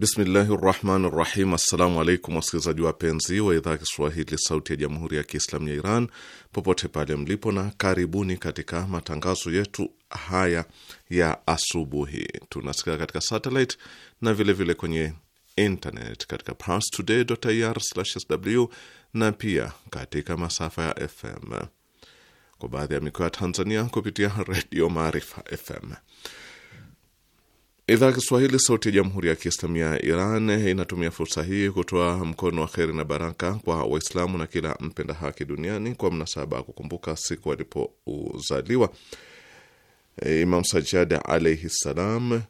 Bismillahi rahmani rahim. Assalamu alaikum wasikilizaji wapenzi wa idhaa ya Kiswahili sauti ya jamhuri ya Kiislamu ya Iran popote pale mlipo, na karibuni katika matangazo yetu haya ya asubuhi. Tunasikika katika satellite na vilevile vile kwenye internet katika parstoday.ir/sw na pia katika masafa ya FM kwa baadhi ya mikoa ya Tanzania kupitia Redio Maarifa FM. Idhaa ya Kiswahili, Sauti ya Jamhuri ya Kiislamu ya Iran inatumia fursa hii kutoa mkono wa kheri na baraka kwa Waislamu na kila mpenda haki duniani kwa mnasaba wa kukumbuka siku alipozaliwa e, Imam Sajjad alaihi ssalam,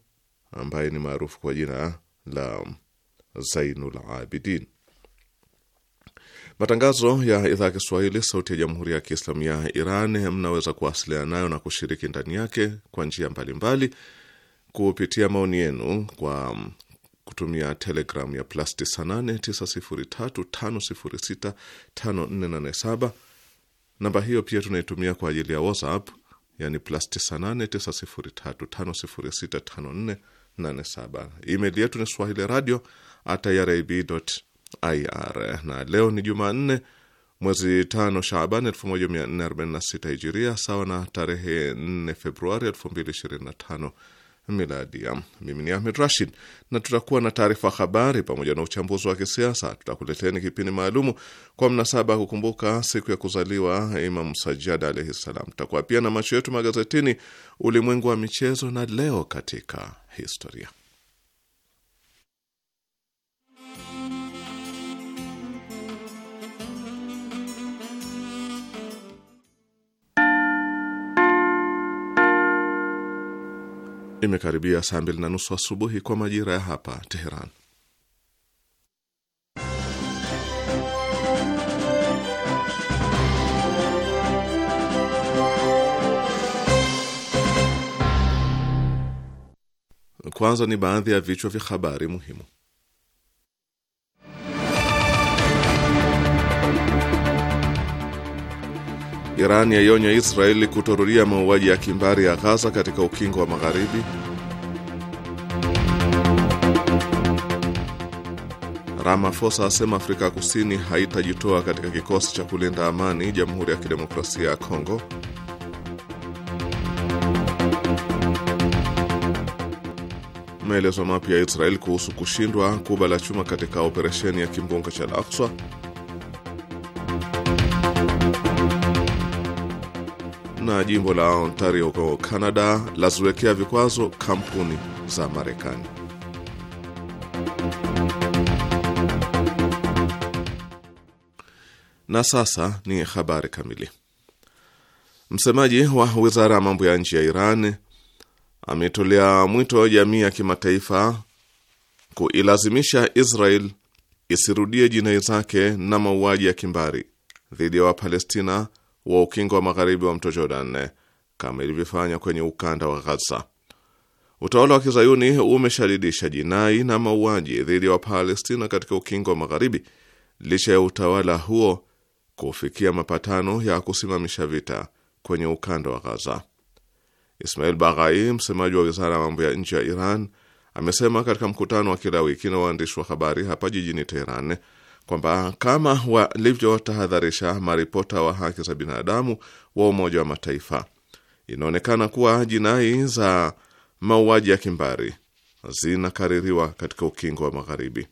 ambaye ni maarufu kwa jina la Zainul Abidin. Matangazo ya idhaa ya Kiswahili sauti ya jamhuri ya Kiislamu ya Iran mnaweza kuwasiliana nayo na kushiriki ndani yake kwa njia mbalimbali mbali kupitia maoni yenu kwa kutumia telegram ya plus 989035065487. Namba hiyo pia tunaitumia kwa ajili ya WhatsApp, yani plus 989035065487. Email yetu ni swahili radio at Na leo ni Jumanne mwezi tano Shaaban 1446 Hijiria, sawa na tarehe 4 Februari 2025 miladia. Mimi ni Ahmed Rashid na tutakuwa na taarifa habari pamoja na uchambuzi wa kisiasa. Tutakuleteni kipindi maalumu kwa mnasaba ya kukumbuka siku ya kuzaliwa Imam Sajjad alaihi salam. Tutakuwa pia na macho yetu magazetini, ulimwengu wa michezo na leo katika historia. Imekaribia saa mbili na nusu asubuhi kwa majira ya hapa Teheran. Kwanza ni baadhi ya vichwa vya habari muhimu. Iran yaionya Israeli kutorudia mauaji ya kimbari ya Ghaza katika ukingo wa Magharibi. Ramaphosa asema Afrika Kusini haitajitoa katika kikosi cha kulinda amani Jamhuri ya Kidemokrasia ya Kongo. Maelezo mapya ya Israeli kuhusu kushindwa kuba la chuma katika operesheni ya kimbunga cha Al-Aqsa. na jimbo la Ontario huko Canada laziwekea vikwazo kampuni za Marekani. Na sasa ni habari kamili. Msemaji wa wizara ya mambo ya nje ya Iran ametolea mwito jamii ya kimataifa kuilazimisha Israel isirudie jinai zake na mauaji ya kimbari dhidi ya Wapalestina wa ukingo wa magharibi wa mto Jordan eh, kama ilivyofanya kwenye ukanda wa Ghaza. Utawala wa kizayuni umeshadidisha jinai na mauaji dhidi ya Wapalestina katika ukingo wa magharibi licha ya utawala huo kufikia mapatano ya kusimamisha vita kwenye ukanda wa Ghaza. Ismail Baghai, msemaji wa wizara ya mambo ya nje ya Iran, amesema katika mkutano wa kila wiki na waandishi wa habari hapa jijini Teheran kwamba kama walivyotahadharisha maripota wa haki za binadamu wa Umoja wa Mataifa, inaonekana kuwa jinai za mauaji ya kimbari zinakaririwa katika ukingo wa Magharibi.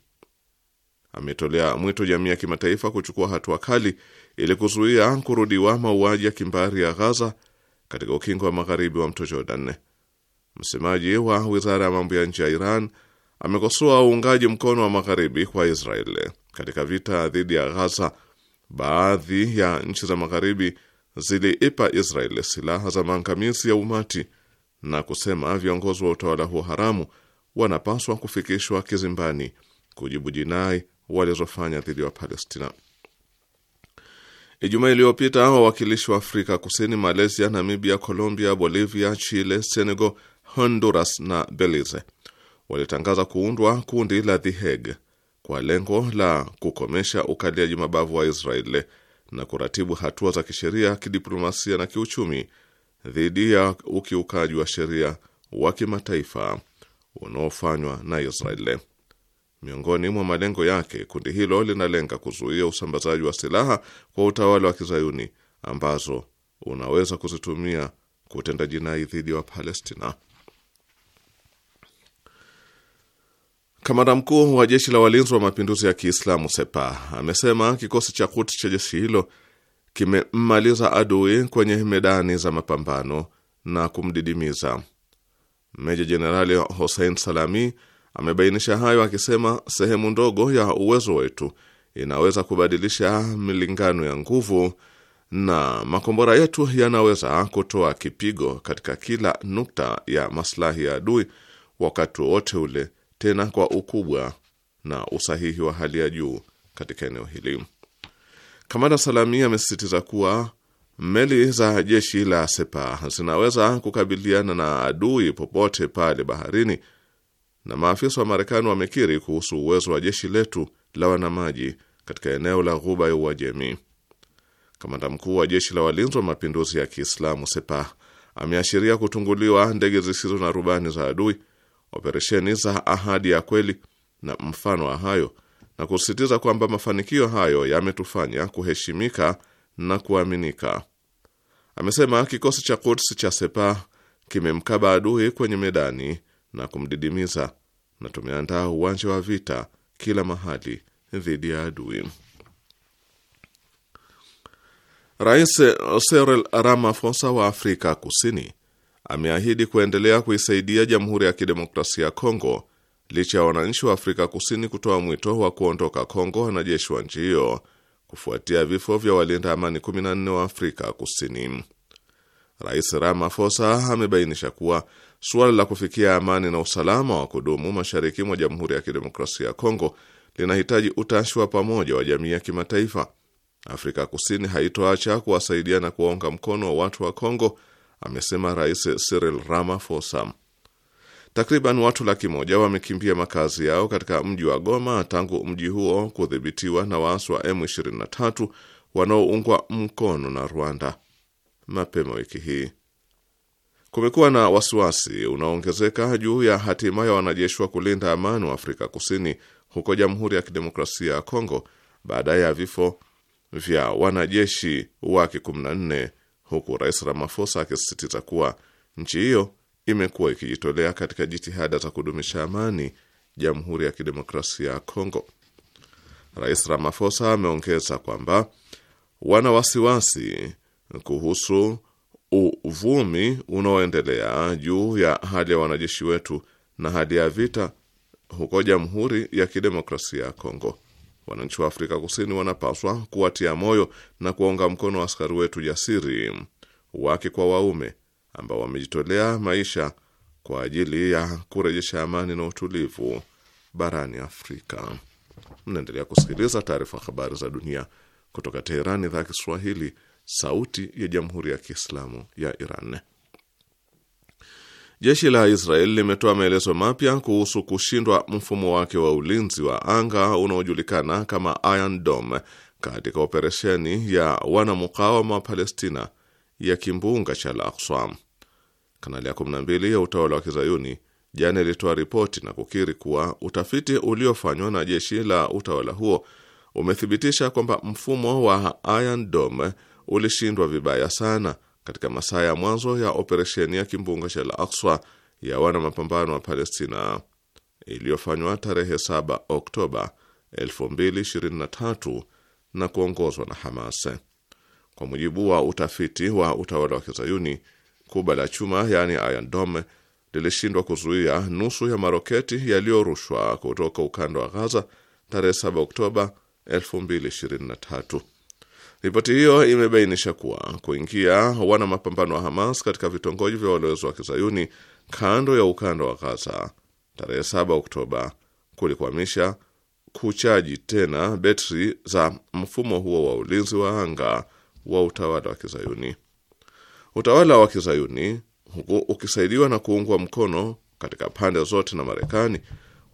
Ametolea mwito jamii ya kimataifa kuchukua hatua kali ili kuzuia kurudiwa mauaji ya kimbari ya Ghaza katika ukingo wa Magharibi wa mto Jordan. Msemaji wa wizara ya mambo ya nje ya Iran amekosoa uungaji mkono wa Magharibi kwa Israeli katika vita dhidi ya Ghaza, baadhi ya nchi za Magharibi ziliipa Israel silaha za maangamizi ya umati na kusema viongozi wa utawala huo haramu wanapaswa kufikishwa kizimbani kujibu jinai walizofanya dhidi ya Palestina. Ijumaa iliyopita wawakilishi wa Afrika Kusini, Malaysia, Namibia, Colombia, Bolivia, Chile, Senegal, Honduras na Belize walitangaza kuundwa kundi la The Hague kwa lengo la kukomesha ukaliaji mabavu wa Israeli na kuratibu hatua za kisheria, kidiplomasia na kiuchumi dhidi ya ukiukaji wa sheria wa kimataifa unaofanywa na Israeli. Miongoni mwa malengo yake, kundi hilo linalenga kuzuia usambazaji wa silaha kwa utawala wa kizayuni ambazo unaweza kuzitumia kutenda jinai dhidi ya Wapalestina. Kamanda mkuu wa jeshi la walinzi wa mapinduzi ya Kiislamu Sepa amesema kikosi cha kuti cha jeshi hilo kimemmaliza adui kwenye medani za mapambano na kumdidimiza. Meja Jenerali hosein Salami amebainisha hayo akisema, sehemu ndogo ya uwezo wetu inaweza kubadilisha milingano ya nguvu na makombora yetu yanaweza kutoa kipigo katika kila nukta ya maslahi ya adui wakati wowote ule tena kwa ukubwa na usahihi wa hali ya juu katika eneo hili. Kamanda Salami amesisitiza kuwa meli za jeshi la sepa zinaweza kukabiliana na adui popote pale baharini, na maafisa wa Marekani wamekiri kuhusu uwezo wa jeshi letu la wanamaji katika eneo la Ghuba ya Uajemi. Kamanda mkuu wa jeshi la walinzi wa mapinduzi ya Kiislamu sepa ameashiria kutunguliwa ndege zisizo na rubani za adui operesheni za ahadi ya kweli na mfano wa hayo, na kusisitiza kwamba mafanikio hayo yametufanya kuheshimika na kuaminika. Amesema kikosi cha Quds cha sepa kimemkaba adui kwenye medani na kumdidimiza, na tumeandaa uwanja wa vita kila mahali dhidi ya adui. Rais Cyril Ramaphosa wa Afrika Kusini ameahidi kuendelea kuisaidia Jamhuri ya Kidemokrasia ya Kongo licha ya wananchi wa Afrika Kusini kutoa mwito wa kuondoka Kongo wanajeshi wa nchi hiyo kufuatia vifo vya walinda amani 14 wa Afrika Kusini. Rais Ramaphosa amebainisha kuwa suala la kufikia amani na usalama wa kudumu mashariki mwa Jamhuri ya Kidemokrasia ya Kongo linahitaji utashi wa pamoja wa jamii ya kimataifa. Afrika Kusini haitoacha kuwasaidia na kuwaunga mkono wa watu wa Kongo amesema Rais Cyril Ramaphosa. Takriban watu laki moja wamekimbia makazi yao katika mji wa Goma tangu mji huo kudhibitiwa na waasi wa M23 wanaoungwa mkono na Rwanda. Mapema wiki hii kumekuwa na wasiwasi unaoongezeka juu ya hatima ya wanajeshi wa kulinda amani wa Afrika Kusini huko Jamhuri ya Kidemokrasia ya Kongo baada ya vifo vya wanajeshi wake 14 huku Rais Ramaphosa akisisitiza kuwa nchi hiyo imekuwa ikijitolea katika jitihada za kudumisha amani Jamhuri ya Kidemokrasia ya Kongo. Rais Ramaphosa ameongeza kwamba wana wasiwasi kuhusu uvumi unaoendelea juu ya hali ya wanajeshi wetu na hali ya vita huko Jamhuri ya Kidemokrasia ya Kongo wananchi wa Afrika Kusini wanapaswa kuwatia moyo na kuwaunga mkono askari wetu jasiri, wake kwa waume, ambao wamejitolea maisha kwa ajili ya kurejesha amani na utulivu barani Afrika. Mnaendelea kusikiliza taarifa habari za dunia kutoka Teherani, idhaa ya Kiswahili, sauti ya jamhuri ya kiislamu ya Iran. Jeshi la Israel limetoa maelezo mapya kuhusu kushindwa mfumo wake wa ulinzi wa anga unaojulikana kama Iron Dome katika operesheni ya wanamukawama wa Palestina ya kimbunga cha Al-Aqsa. Kanali ya 12 ya utawala wa Kizayuni jana ilitoa ripoti na kukiri kuwa utafiti uliofanywa na jeshi la utawala huo umethibitisha kwamba mfumo wa Iron Dome ulishindwa vibaya sana katika masaa ya mwanzo ya operesheni ya kimbunga cha Al-Aqsa ya wana mapambano wa Palestina iliyofanywa tarehe 7 Oktoba 2023 na kuongozwa na Hamas. Kwa mujibu wa utafiti wa utawala wa Kizayuni, kuba la chuma yaani Iron Dome lilishindwa kuzuia nusu ya maroketi yaliyorushwa kutoka ukanda wa Gaza tarehe 7 Oktoba 2023. Ripoti hiyo imebainisha kuwa kuingia wana mapambano wa Hamas katika vitongoji vya walowezi wa kizayuni kando ya ukanda wa Gaza tarehe 7 Oktoba kulikwamisha kuchaji tena betri za mfumo huo wa ulinzi wa anga wa utawala wa kizayuni. Utawala wa kizayuni huku ukisaidiwa na kuungwa mkono katika pande zote na Marekani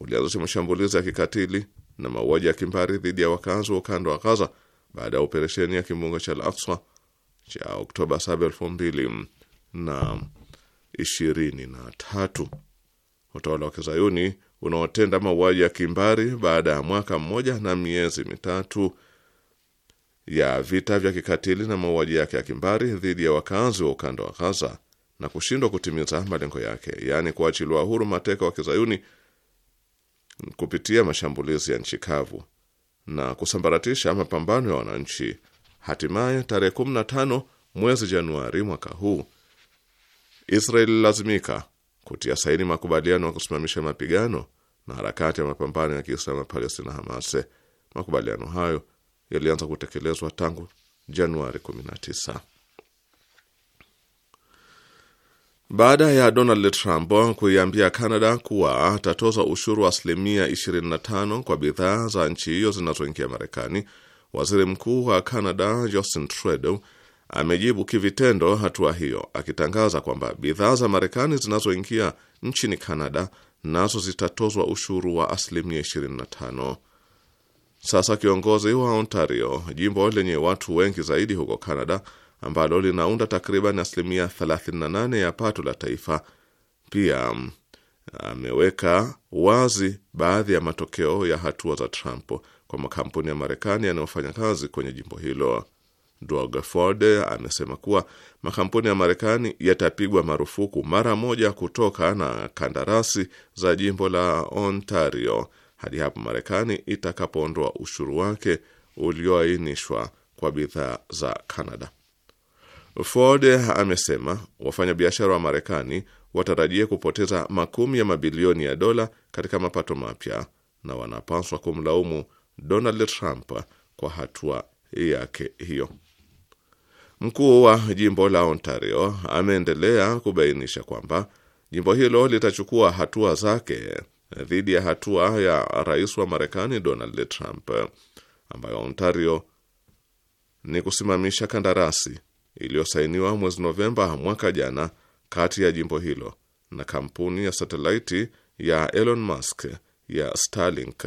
ulianzisha mashambulizi ya kikatili na mauaji ya kimbari dhidi ya wakazi wa ukanda wa Gaza baada ya operesheni ya kimbunga cha Al-Aqsa cha Oktoba 7, 2000 na 23. Utawala wa kizayuni unaotenda mauaji ya kimbari baada ya mwaka mmoja na miezi mitatu ya vita vya kikatili na mauaji yake ya kimbari dhidi ya wakazi wa ukanda wa Ghaza na kushindwa kutimiza malengo yake, yaani kuachiliwa huru mateka wa kizayuni kupitia mashambulizi ya nchi kavu na kusambaratisha mapambano ya wananchi. Hatimaye tarehe 15 mwezi Januari mwaka huu Israel ililazimika kutia saini makubaliano ya kusimamisha mapigano na harakati ya mapambano ya Kiislamu ya Palestina, Hamas. Makubaliano hayo yalianza kutekelezwa tangu Januari 19. baada ya Donald Trump kuiambia Canada kuwa atatoza ushuru wa asilimia 25 kwa bidhaa za nchi hiyo zinazoingia Marekani, waziri mkuu wa Canada Justin Trudeau amejibu kivitendo hatua hiyo, akitangaza kwamba bidhaa za Marekani zinazoingia nchini Canada nazo zitatozwa ushuru wa asilimia 25. Sasa kiongozi wa Ontario, jimbo lenye watu wengi zaidi huko Canada, ambalo linaunda takriban asilimia 38 ya pato la taifa. Pia mm, ameweka wazi baadhi ya matokeo ya hatua za Trump kwa makampuni ya Marekani yanayofanya kazi kwenye jimbo hilo. Dogford amesema kuwa makampuni ya Marekani yatapigwa marufuku mara moja kutoka na kandarasi za jimbo la Ontario hadi hapo Marekani itakapoondoa ushuru wake ulioainishwa kwa bidhaa za Canada. Ford amesema wafanyabiashara wa Marekani watarajie kupoteza makumi ya mabilioni ya dola katika mapato mapya na wanapaswa kumlaumu Donald Trump kwa hatua yake hiyo. Mkuu wa jimbo la Ontario ameendelea kubainisha kwamba jimbo hilo litachukua hatua zake dhidi ya hatua ya rais wa Marekani Donald Trump ambayo Ontario ni kusimamisha kandarasi iliyosainiwa mwezi Novemba mwaka jana kati ya jimbo hilo na kampuni ya satelaiti ya Elon Musk ya Starlink,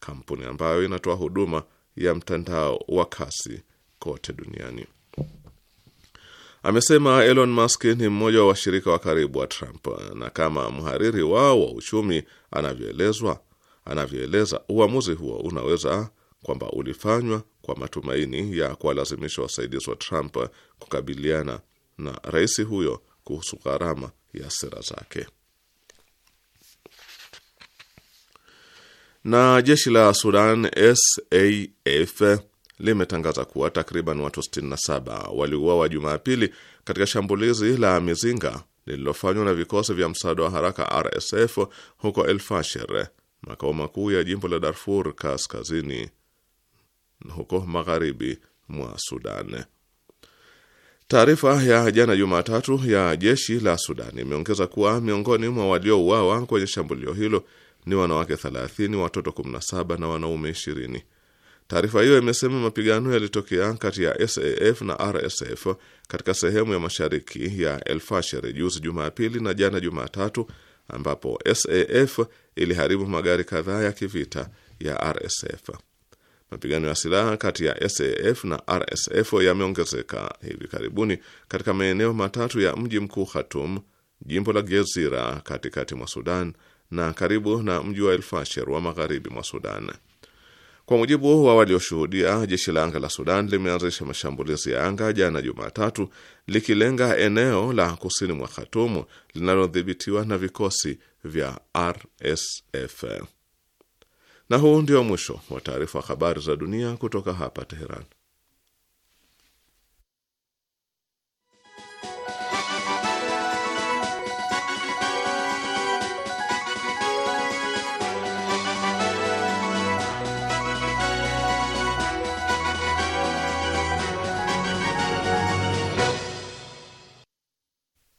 kampuni ambayo inatoa huduma ya mtandao wa kasi kote duniani. Amesema Elon Musk ni mmoja wa washirika wa karibu wa Trump, na kama mhariri wao wa uchumi anavyoelezwa anavyoeleza, uamuzi huo unaweza kwamba ulifanywa kwa matumaini ya kuwalazimisha wasaidizi wa Trump kukabiliana na rais huyo kuhusu gharama ya sera zake. Na jeshi la Sudan SAF limetangaza kuwa takriban watu 67 waliuawa Jumapili katika shambulizi la mizinga lililofanywa na vikosi vya msaada wa haraka RSF huko El Fasher, makao makuu ya jimbo la Darfur Kaskazini huko magharibi mwa Sudan. Taarifa ya jana Jumatatu ya jeshi la Sudan imeongeza kuwa miongoni mwa waliouawa kwenye shambulio hilo ni wanawake 30, watoto 17 na wanaume 20. Taarifa hiyo imesema mapigano yalitokea kati ya SAF na RSF katika sehemu ya mashariki ya El Fasher juzi Jumapili na jana Jumatatu, ambapo SAF iliharibu magari kadhaa ya kivita ya RSF. Mapigano ya silaha kati ya SAF na RSF yameongezeka hivi karibuni katika maeneo matatu ya mji mkuu Khartoum, jimbo la Gezira katikati mwa Sudan na karibu na mji wa elfasher wa magharibi mwa Sudan. Kwa mujibu wa walioshuhudia, jeshi la anga la Sudan limeanzisha mashambulizi ya anga jana Jumatatu, likilenga eneo la kusini mwa Khartoum linalodhibitiwa na vikosi vya RSF. Na huu ndio mwisho wa taarifa wa habari za dunia kutoka hapa Teheran.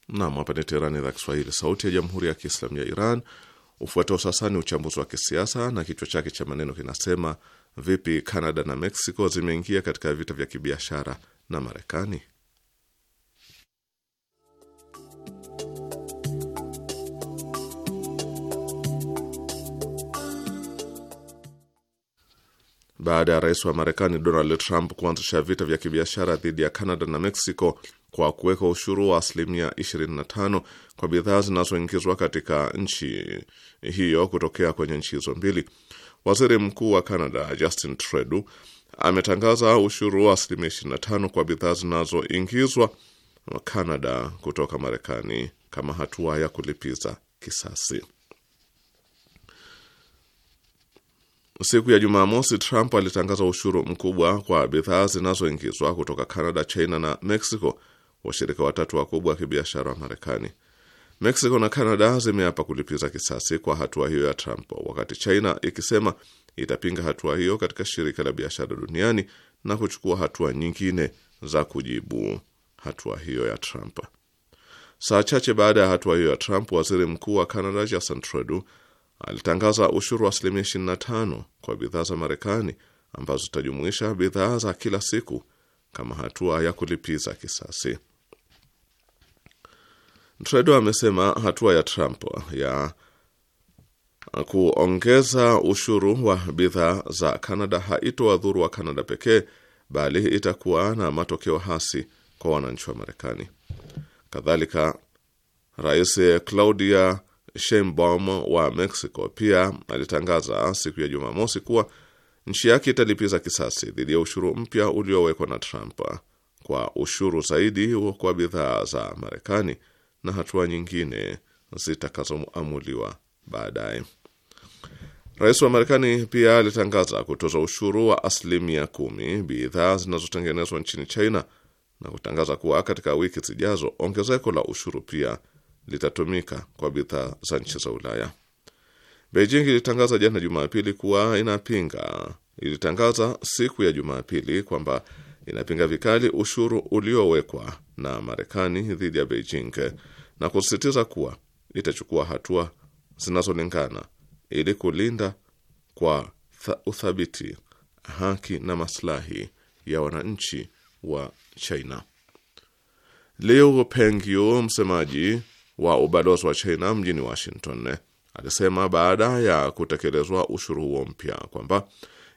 Nam, hapa ni Teherani, idhaa Kiswahili, sauti ya jamhuri ya kiislamu ya Iran. Ufuatao sasa ni uchambuzi wa kisiasa na kichwa chake cha maneno kinasema vipi Canada na Mexico zimeingia katika vita vya kibiashara na Marekani. Baada ya rais wa Marekani Donald Trump kuanzisha vita vya kibiashara dhidi ya Canada na Mexico kwa kuweka ushuru wa asilimia 25 kwa bidhaa zinazoingizwa katika nchi hiyo kutokea kwenye nchi hizo mbili. Waziri Mkuu wa Canada Justin Trudeau ametangaza ushuru wa asilimia 25 kwa bidhaa zinazoingizwa Canada kutoka Marekani kama hatua ya kulipiza kisasi. Siku ya Jumamosi, Trump alitangaza ushuru mkubwa kwa bidhaa zinazoingizwa kutoka Canada, China na Mexico washirika watatu wakubwa wa kibiashara wa Marekani. Mexico na Canada zimeapa kulipiza kisasi kwa hatua hiyo ya Trump, wakati China ikisema itapinga hatua hiyo katika shirika la biashara duniani na kuchukua hatua nyingine za kujibu hatua hiyo ya Trump. Saa chache baada ya hatua hiyo ya Trump, waziri mkuu wa Canada Justin Trudeau alitangaza ushuru wa asilimia 25 kwa bidhaa za Marekani ambazo zitajumuisha bidhaa za kila siku kama hatua ya kulipiza kisasi. Trudeau amesema hatua ya Trump ya kuongeza ushuru wa bidhaa za canada haitowadhuru wa canada pekee bali itakuwa na matokeo hasi kwa wananchi wa Marekani. Kadhalika, Rais Claudia Sheinbaum wa Mexico pia alitangaza siku ya Jumamosi kuwa nchi yake italipiza kisasi dhidi ya ushuru mpya uliowekwa na Trump kwa ushuru zaidi kwa bidhaa za Marekani na hatua nyingine zitakazoamuliwa baadaye. Rais wa Marekani pia alitangaza kutoza ushuru wa asilimia kumi bidhaa zinazotengenezwa nchini China na kutangaza kuwa katika wiki zijazo ongezeko la ushuru pia litatumika kwa bidhaa za nchi za Ulaya. Beijing ilitangaza jana Jumapili kuwa inapinga, ilitangaza siku ya Jumapili kwamba inapinga vikali ushuru uliowekwa na Marekani dhidi ya Beijing na kusisitiza kuwa itachukua hatua zinazolingana ili kulinda kwa uthabiti haki na maslahi ya wananchi wa China. Liu Pengyu, msemaji wa ubalozi wa China mjini Washington, alisema baada ya kutekelezwa ushuru huo mpya kwamba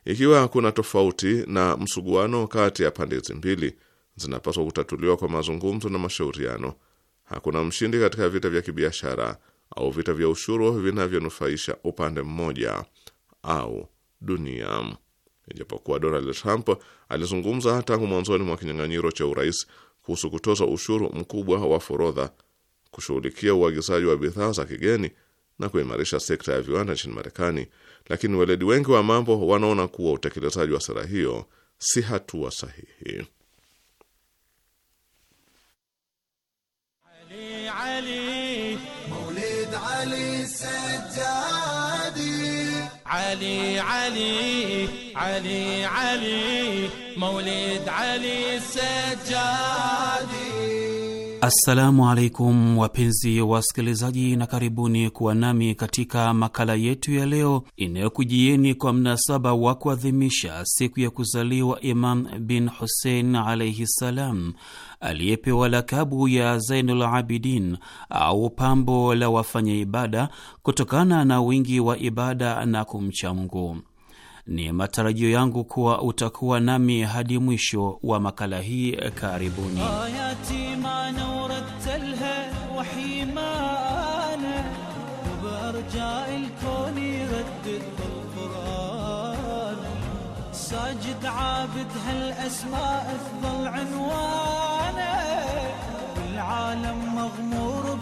ikiwa kuna tofauti na msuguano kati ya pande hizi mbili, zinapaswa kutatuliwa kwa mazungumzo na mashauriano. Hakuna mshindi katika vita vya kibiashara au vita vya ushuru vinavyonufaisha upande mmoja au dunia. Ijapokuwa Donald Trump alizungumza tangu mwanzoni mwa kinyang'anyiro cha urais kuhusu kutoza ushuru mkubwa wa forodha, kushughulikia uagizaji wa bidhaa za kigeni na kuimarisha sekta ya viwanda nchini Marekani, lakini weledi wengi wa mambo wanaona kuwa utekelezaji wa sera hiyo si hatua sahihi. Ali, Ali, Maulid Ali Sajjadi Ali, Ali, Ali, Ali, Maulid Ali Sajjadi Assalamu alaikum wapenzi wasikilizaji, na karibuni kuwa nami katika makala yetu ya leo inayokujieni kwa mnasaba wa kuadhimisha siku ya kuzaliwa Imam bin Hussein alaihi ssalam, aliyepewa lakabu ya Zainul Abidin au pambo la wafanya ibada kutokana na wingi wa ibada na kumcha Mungu. Ni matarajio yangu kuwa utakuwa nami hadi mwisho wa makala hii. Karibuni.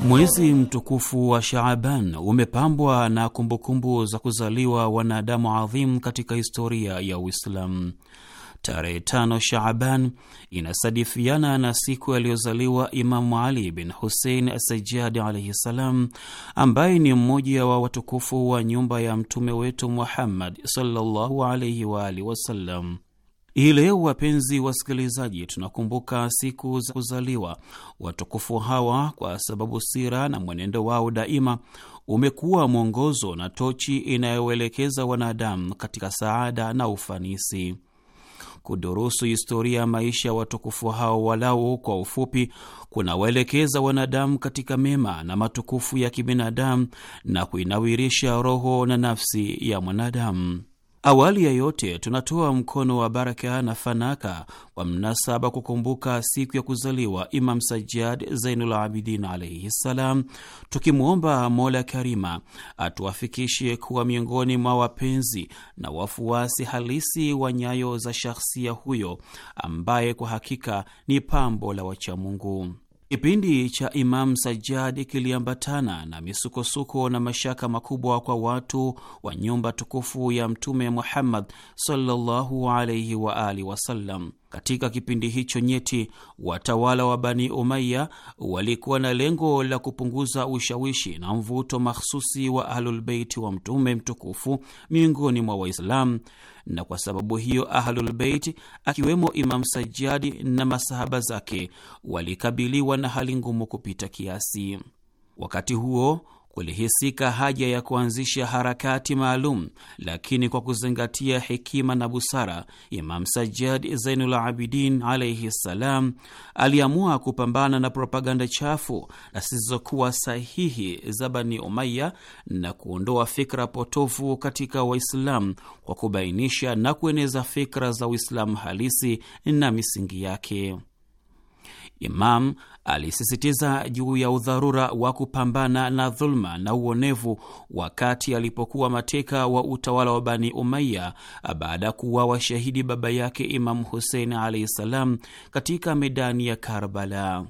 Mwezi mtukufu wa Shaaban umepambwa na kumbukumbu kumbu za kuzaliwa wanadamu adhimu katika historia ya Uislamu. Tarehe tano Shaaban inasadifiana na siku aliyozaliwa Imamu Ali bin Husein Asajadi alaihi ssalam, ambaye ni mmoja wa watukufu wa nyumba ya mtume wetu Muhammad sallallahu alaihi waalihi wasallam. Hii leo wapenzi wasikilizaji, tunakumbuka siku za kuzaliwa watukufu hawa, kwa sababu sira na mwenendo wao daima umekuwa mwongozo na tochi inayoelekeza wanadamu katika saada na ufanisi. Kudurusu historia ya maisha ya watukufu hao walau kwa ufupi, kunawaelekeza wanadamu katika mema na matukufu ya kibinadamu na kuinawirisha roho na nafsi ya mwanadamu. Awali ya yote tunatoa mkono wa baraka na fanaka kwa mnasaba kukumbuka siku ya kuzaliwa Imam Sajjad Zainul Abidin alaihi ssalam, tukimwomba Mola Karima atuafikishe kuwa miongoni mwa wapenzi na wafuasi halisi wa nyayo za shakhsia huyo ambaye kwa hakika ni pambo la wachamungu. Kipindi cha Imam Sajjad kiliambatana na misukosuko na mashaka makubwa kwa watu wa nyumba tukufu ya Mtume Muhammad sallallahu wa wasallam. Katika kipindi hicho nyeti, watawala wa Bani Umaya walikuwa na lengo la kupunguza ushawishi na mvuto mahsusi wa Ahlulbeiti wa Mtume mtukufu miongoni mwa Waislamu na kwa sababu hiyo Ahlulbeit akiwemo Imam Sajjadi na masahaba zake walikabiliwa na hali ngumu kupita kiasi. Wakati huo kulihisika haja ya kuanzisha harakati maalum, lakini kwa kuzingatia hekima na busara, Imam Sajjad Zainul Abidin alaihi ssalam aliamua kupambana na propaganda chafu na zisizokuwa sahihi za Bani Umaya na kuondoa fikra potofu katika Waislamu kwa kubainisha na kueneza fikra za Uislamu halisi na misingi yake. Imam alisisitiza juu ya udharura wa kupambana na dhuluma na uonevu wakati alipokuwa mateka wa utawala wa Bani Umaya baada ya kuwa shahidi baba yake Imamu Husein alaihi ssalam katika medani ya Karbala.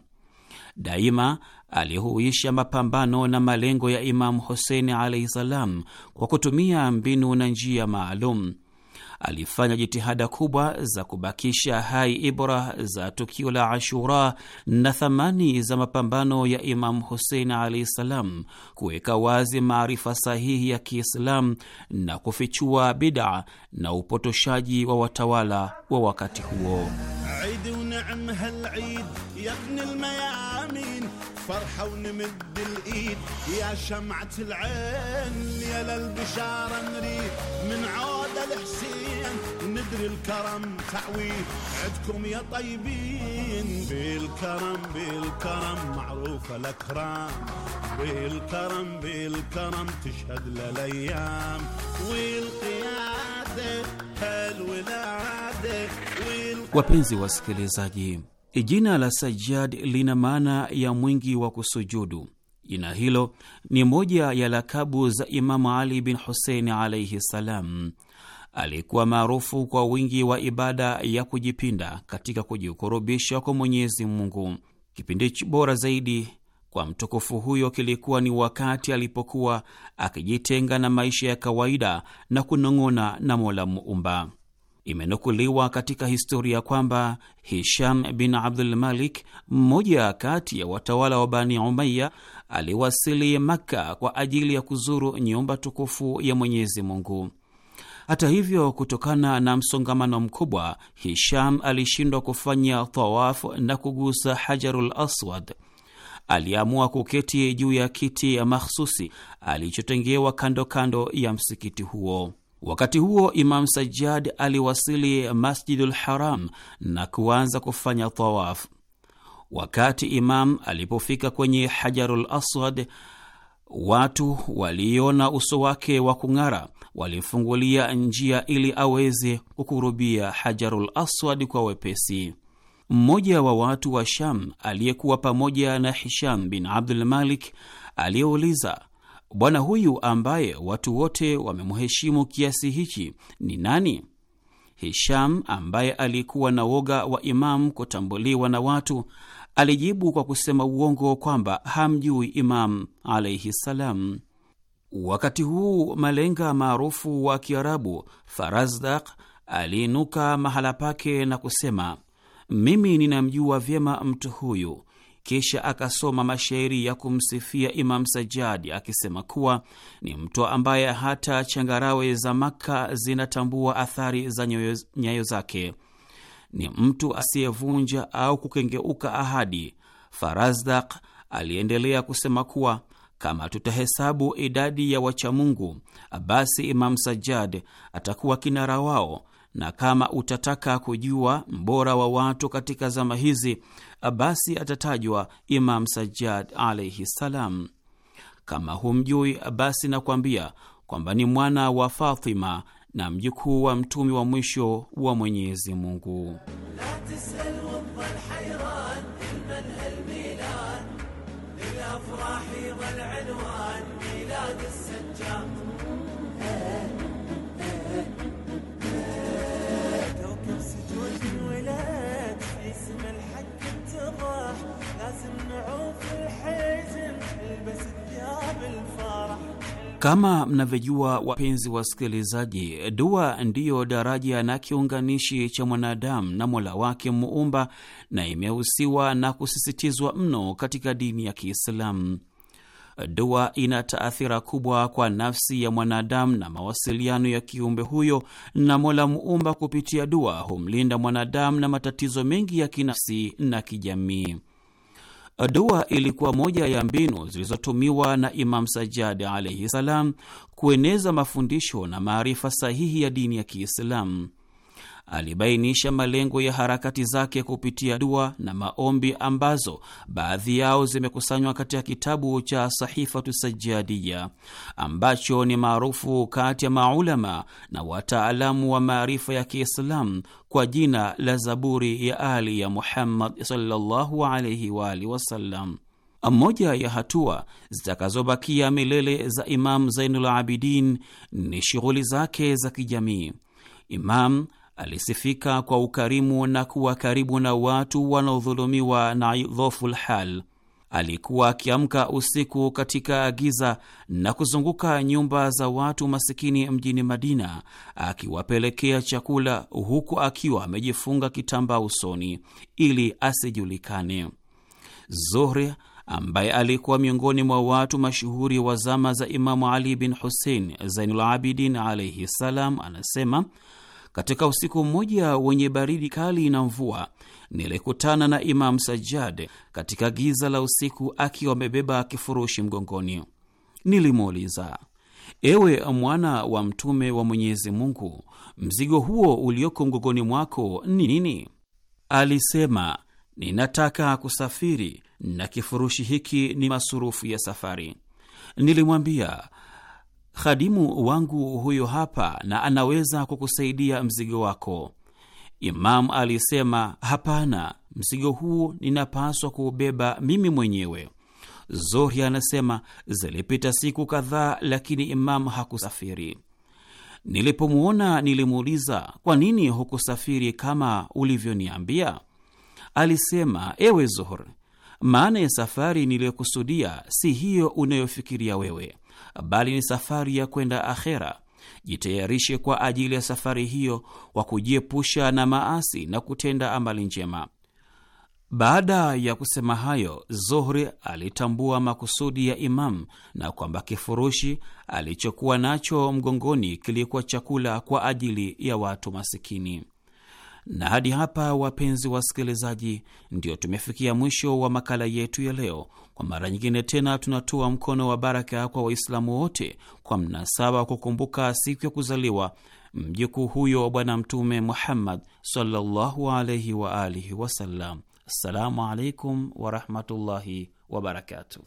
Daima alihuisha mapambano na malengo ya Imamu Husein alaihi ssalam kwa kutumia mbinu na njia maalum alifanya jitihada kubwa za kubakisha hai ibra za tukio la Ashura na thamani za mapambano ya Imamu Husein alaihi ssalam, kuweka wazi maarifa sahihi ya Kiislamu na kufichua bidaa na upotoshaji wa watawala wa wakati huo. صدر الكرم تعويد عدكم يا طيبين بالكرم بالكرم معروفة الاكرام بالكرم بالكرم تشهد للأيام والقياده هالولادة wapenzi wasikilizaji, jina la sajad lina maana ya mwingi wa kusujudu. Jina hilo ni moja ya lakabu za Imamu Ali bin Husein alaihi salam alikuwa maarufu kwa wingi wa ibada ya kujipinda katika kujikurubisha kwa Mwenyezi Mungu. Kipindi bora zaidi kwa mtukufu huyo kilikuwa ni wakati alipokuwa akijitenga na maisha ya kawaida na kunong'ona na Mola Muumba. Imenukuliwa katika historia kwamba Hisham bin Abdul Malik, mmoja kati ya watawala wa Bani Umaya, aliwasili Makka kwa ajili ya kuzuru nyumba tukufu ya Mwenyezi Mungu. Hata hivyo, kutokana na msongamano mkubwa, Hisham alishindwa kufanya tawaf na kugusa Hajarul Aswad. Aliamua kuketi juu ya kiti ya makhsusi alichotengewa kando kando ya msikiti huo. Wakati huo Imam Sajjad aliwasili Masjidul Haram na kuanza kufanya tawaf. Wakati Imam alipofika kwenye Hajarul Aswad, watu waliona uso wake wa kung'ara walimfungulia njia ili aweze kukurubia Hajarul Aswad kwa wepesi. Mmoja wa watu wa Sham aliyekuwa pamoja na Hisham bin Abdul Malik aliyeuliza, bwana huyu ambaye watu wote wamemheshimu kiasi hichi ni nani? Hisham ambaye alikuwa na woga wa Imamu kutambuliwa na watu alijibu kwa kusema uongo kwamba hamjui Imamu alaihi salam. Wakati huu malenga maarufu wa Kiarabu Farazdak aliinuka mahala pake na kusema, mimi ninamjua vyema mtu huyu. Kisha akasoma mashairi ya kumsifia Imam Sajadi akisema kuwa ni mtu ambaye hata changarawe za Maka zinatambua athari za nyayo zake. Ni mtu asiyevunja au kukengeuka ahadi. Farazdak aliendelea kusema kuwa kama tutahesabu idadi ya wachamungu, basi Imam Sajjad atakuwa kinara wao, na kama utataka kujua mbora wa watu katika zama hizi, basi atatajwa Imam Sajjad alaihi ssalam. Kama humjui, basi nakwambia kwamba ni mwana wa Fatima na mjukuu wa mtumi wa mwisho wa Mwenyezi Mungu. Kama mnavyojua wapenzi wasikilizaji, dua ndiyo daraja na kiunganishi cha mwanadamu na mola wake Muumba, na imehusiwa na kusisitizwa mno katika dini ya Kiislamu. Dua ina taathira kubwa kwa nafsi ya mwanadamu na mawasiliano ya kiumbe huyo na Mola Muumba. Kupitia dua humlinda mwanadamu na matatizo mengi ya kinafsi na kijamii. Dua ilikuwa moja ya mbinu zilizotumiwa na Imam sajadi alaihi salam kueneza mafundisho na maarifa sahihi ya dini ya Kiislamu alibainisha malengo ya harakati zake kupitia dua na maombi ambazo baadhi yao zimekusanywa katika kitabu cha Sahifatu Sajjadia ambacho ni maarufu kati ya maulama na wataalamu wa maarifa ya Kiislamu kwa jina la Zaburi ya Ali ya Muhammad sallallahu alaihi wa alihi wasallam. Moja ya hatua zitakazobakia milele za Imam Zainul Abidin ni shughuli zake za kijamii. Imam alisifika kwa ukarimu na kuwa karibu na watu wanaodhulumiwa na idhofu lhal. Alikuwa akiamka usiku katika giza na kuzunguka nyumba za watu masikini mjini Madina akiwapelekea chakula, huku akiwa amejifunga kitambaa usoni ili asijulikane. Zuhri ambaye alikuwa miongoni mwa watu mashuhuri wa zama za Imamu Ali bin Husein Zainul Abidin alaihi salam, anasema katika usiku mmoja wenye baridi kali na mvua, nilikutana na Imamu Sajjad katika giza la usiku akiwa amebeba kifurushi mgongoni. Nilimuuliza, ewe mwana wa mtume wa Mwenyezi Mungu, mzigo huo ulioko mgongoni mwako ni nini? Alisema, ninataka kusafiri na kifurushi hiki ni masurufu ya safari. Nilimwambia, khadimu wangu huyo hapa na anaweza kukusaidia mzigo wako. Imamu alisema, hapana, mzigo huu ninapaswa kuubeba mimi mwenyewe. Zohri anasema zilipita siku kadhaa, lakini imamu hakusafiri. Nilipomwona nilimuuliza, kwa nini hukusafiri kama ulivyoniambia? Alisema, ewe Zohri, maana ya safari niliyokusudia si hiyo unayofikiria wewe bali ni safari ya kwenda akhera. Jitayarishe kwa ajili ya safari hiyo kwa kujiepusha na maasi na kutenda amali njema. Baada ya kusema hayo, Zuhri alitambua makusudi ya Imamu na kwamba kifurushi alichokuwa nacho mgongoni kilikuwa chakula kwa ajili ya watu masikini. Na hadi hapa, wapenzi wasikilizaji, ndio tumefikia mwisho wa makala yetu ya leo. Kwa mara nyingine tena tunatoa mkono wa baraka kwa Waislamu wote kwa mnasaba wa kukumbuka siku ya kuzaliwa mjukuu huyo wa Bwana Mtume Muhammad sallallahu alaihi wa alihi wasallam. Assalamu alaikum warahmatullahi wabarakatuh.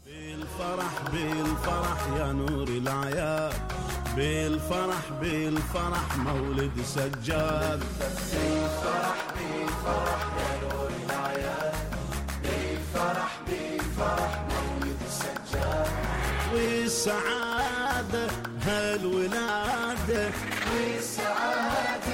والسعادة هالولادة هالولادة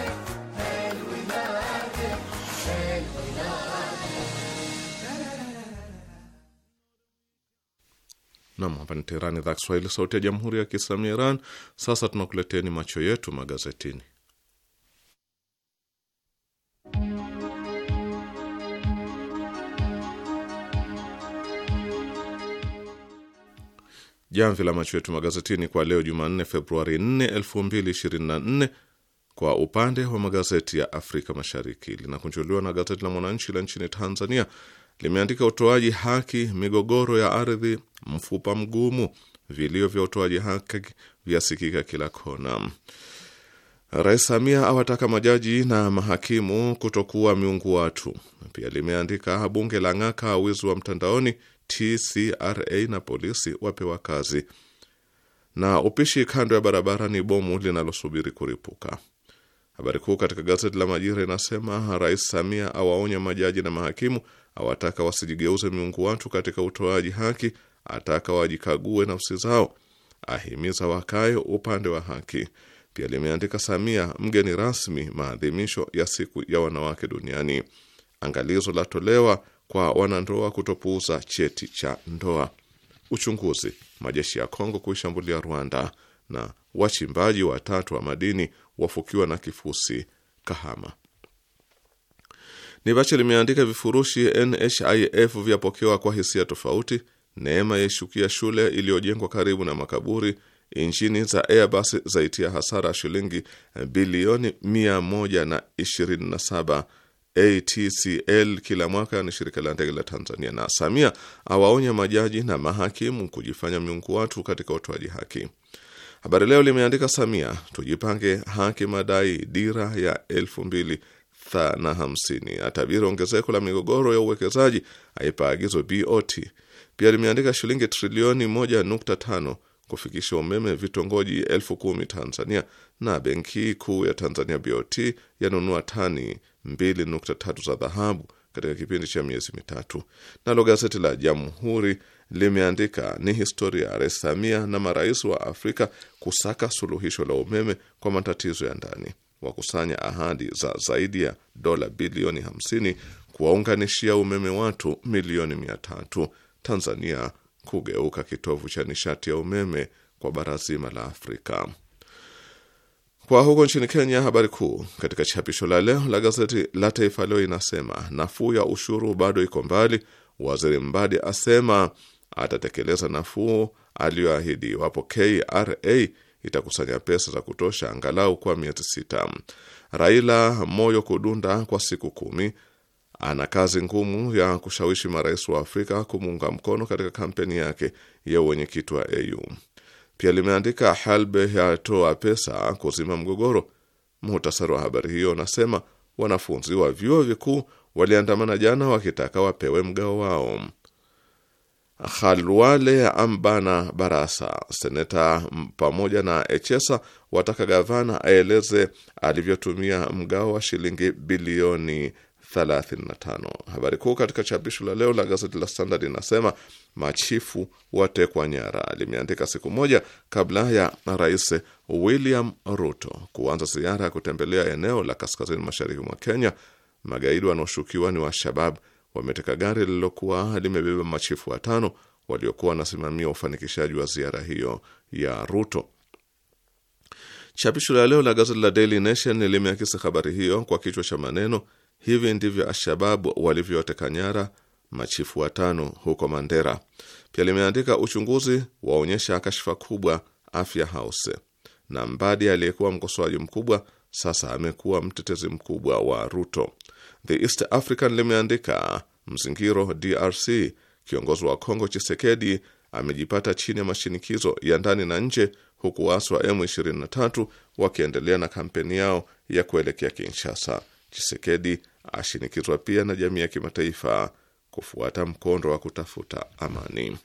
Nam, hapa ni Teherani, idhaa Kiswahili, sauti ya jamhuri ya kiislamu ya Iran. Sasa tunakuleteni macho yetu magazetini. Jamvi la macho yetu magazetini kwa leo Jumanne, Februari 4, 2024 kwa upande wa magazeti ya Afrika Mashariki linakunjuliwa na gazeti la Mwananchi la nchini Tanzania. Limeandika utoaji haki, migogoro ya ardhi, mfupa mgumu, vilio vya utoaji haki vyasikika kila kona. Rais Samia awataka majaji na mahakimu kutokuwa miungu watu. Pia limeandika bunge la ng'aka wizi wa mtandaoni TCRA na polisi wapewa kazi. Na upishi kando ya barabara ni bomu linalosubiri kuripuka. Habari kuu katika gazeti la Majira inasema Rais Samia awaonya majaji na mahakimu, awataka wasijigeuze miungu watu katika utoaji haki, ataka wajikague nafsi zao, ahimiza wakae upande wa haki. Pia limeandika Samia mgeni rasmi maadhimisho ya siku ya wanawake duniani. Angalizo la tolewa kwa wanandoa kutopuuza cheti cha ndoa. Uchunguzi: majeshi ya Kongo kuishambulia Rwanda na wachimbaji watatu wa madini wafukiwa na kifusi Kahama. Nivache limeandika vifurushi NHIF vyapokewa kwa hisia tofauti. Neema yaishukia shule iliyojengwa karibu na makaburi. Injini za Airbus zaitia hasara shilingi bilioni 127 ATCL kila mwaka ni shirika la ndege la Tanzania. Na Samia awaonya majaji na mahakimu kujifanya miungu watu katika utoaji haki. Habari Leo limeandika Samia, tujipange haki madai dira ya elfu mbili na hamsini atabiri ongezeko la migogoro ya uwekezaji, aipa agizo BOT. Pia limeandika shilingi trilioni tano kufikisha umeme vitongoji elfu kumi Tanzania, na benki kuu ya Tanzania BOT yanunua tani 2.3 za dhahabu katika kipindi cha miezi mitatu. Nalo gazeti la Jamhuri limeandika ni historia, Rais Samia na marais wa Afrika kusaka suluhisho la umeme kwa matatizo ya ndani, wakusanya ahadi za zaidi ya dola bilioni 50 kuwaunganishia umeme watu milioni 300, Tanzania kugeuka kitovu cha nishati ya umeme kwa bara zima la Afrika. Kwa huko nchini Kenya, habari kuu katika chapisho la leo la gazeti la Taifa Leo inasema nafuu ya ushuru bado iko mbali. Waziri Mbadi asema atatekeleza nafuu aliyoahidi iwapo KRA itakusanya pesa za kutosha angalau kwa miezi sita. Raila moyo kudunda kwa siku kumi. Ana kazi ngumu ya kushawishi marais wa Afrika kumuunga mkono katika kampeni yake ya uwenyekiti wa AU. Pia limeandika Halbe yatoa pesa kuzima mgogoro. Muhtasari wa habari hiyo unasema wanafunzi wa vyuo vikuu waliandamana jana wakitaka wapewe mgao wao. Khalwale ambana Barasa, seneta pamoja na Echesa wataka gavana aeleze alivyotumia mgao wa shilingi bilioni 35. Habari kuu katika chapisho la leo la gazeti la Standard inasema machifu watekwa nyara, limeandika siku moja kabla ya Rais William Ruto kuanza ziara ya kutembelea eneo la kaskazini mashariki mwa Kenya. Magaidi wanaoshukiwa ni Washabab wameteka gari lililokuwa limebeba machifu watano waliokuwa wanasimamia ufanikishaji wa ziara hiyo ya Ruto. Chapisho la leo la gazeti la Daily Nation limeakisi habari hiyo kwa kichwa cha maneno, hivi ndivyo Alshababu walivyoteka nyara machifu watano huko Mandera. Pia limeandika uchunguzi waonyesha kashfa kubwa Afya House, na Mbadi aliyekuwa mkosoaji mkubwa sasa amekuwa mtetezi mkubwa wa Ruto. The East African limeandika mzingiro DRC, kiongozi wa Kongo Chisekedi amejipata chini ya mashinikizo ya ndani na nje, huku waasi wa M23 wakiendelea na kampeni yao ya kuelekea Kinshasa. Chisekedi ashinikizwa pia na jamii ya kimataifa kufuata mkondo wa kutafuta amani.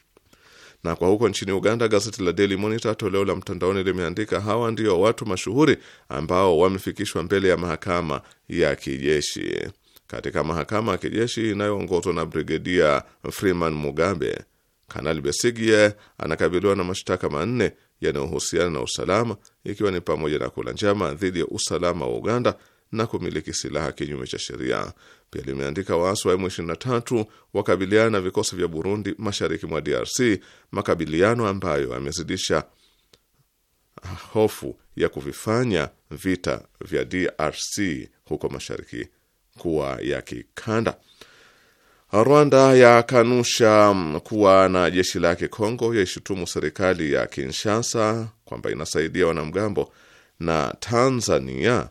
Na kwa huko nchini Uganda, gazeti la Daily Monitor toleo la mtandaoni limeandika hawa ndio watu mashuhuri ambao wamefikishwa mbele ya mahakama ya kijeshi. Katika mahakama ya kijeshi inayoongozwa na Brigedia Freeman Mugabe, Kanali Besigye anakabiliwa na mashtaka manne yanayohusiana na usalama, ikiwa ni pamoja na kula njama dhidi ya usalama wa Uganda na kumiliki silaha kinyume cha sheria. Pia limeandika waasi wa M23 wakabiliana na vikosi vya Burundi mashariki mwa DRC, makabiliano ambayo yamezidisha hofu ya kuvifanya vita vya DRC huko mashariki kuwa ya kikanda. Rwanda yakanusha kuwa na jeshi lake Kongo, yaishutumu serikali ya Kinshasa kwamba inasaidia wanamgambo, na Tanzania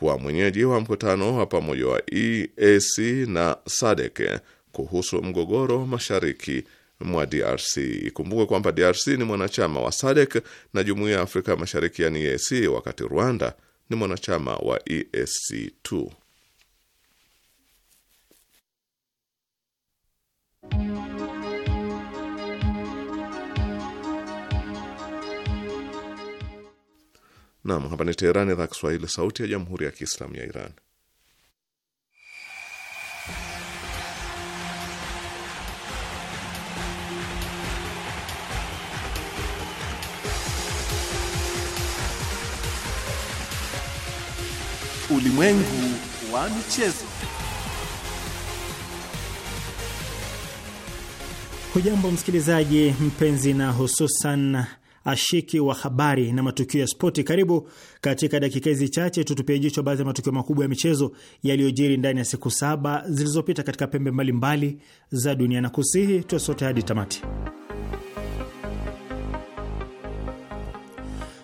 kuwa mwenyeji wa mkutano wa pamoja wa EAC na SADC e kuhusu mgogoro mashariki mwa DRC. Ikumbukwe kwamba DRC ni mwanachama wa SADC e na Jumuiya ya Afrika Mashariki, yani EAC, wakati Rwanda ni mwanachama wa EAC2. Naam, hapa ni Teherani, idhaa Kiswahili, sauti ya jamhuri ya kiislamu ya Iran. Ulimwengu wa michezo. Hujambo msikilizaji mpenzi, na hususan ashiki wa habari na matukio ya spoti. Karibu katika dakika hizi chache tutupie jicho baadhi ya matukio makubwa ya michezo yaliyojiri ndani ya siku saba zilizopita katika pembe mbalimbali mbali za dunia, na kusihi tuwe sote hadi tamati.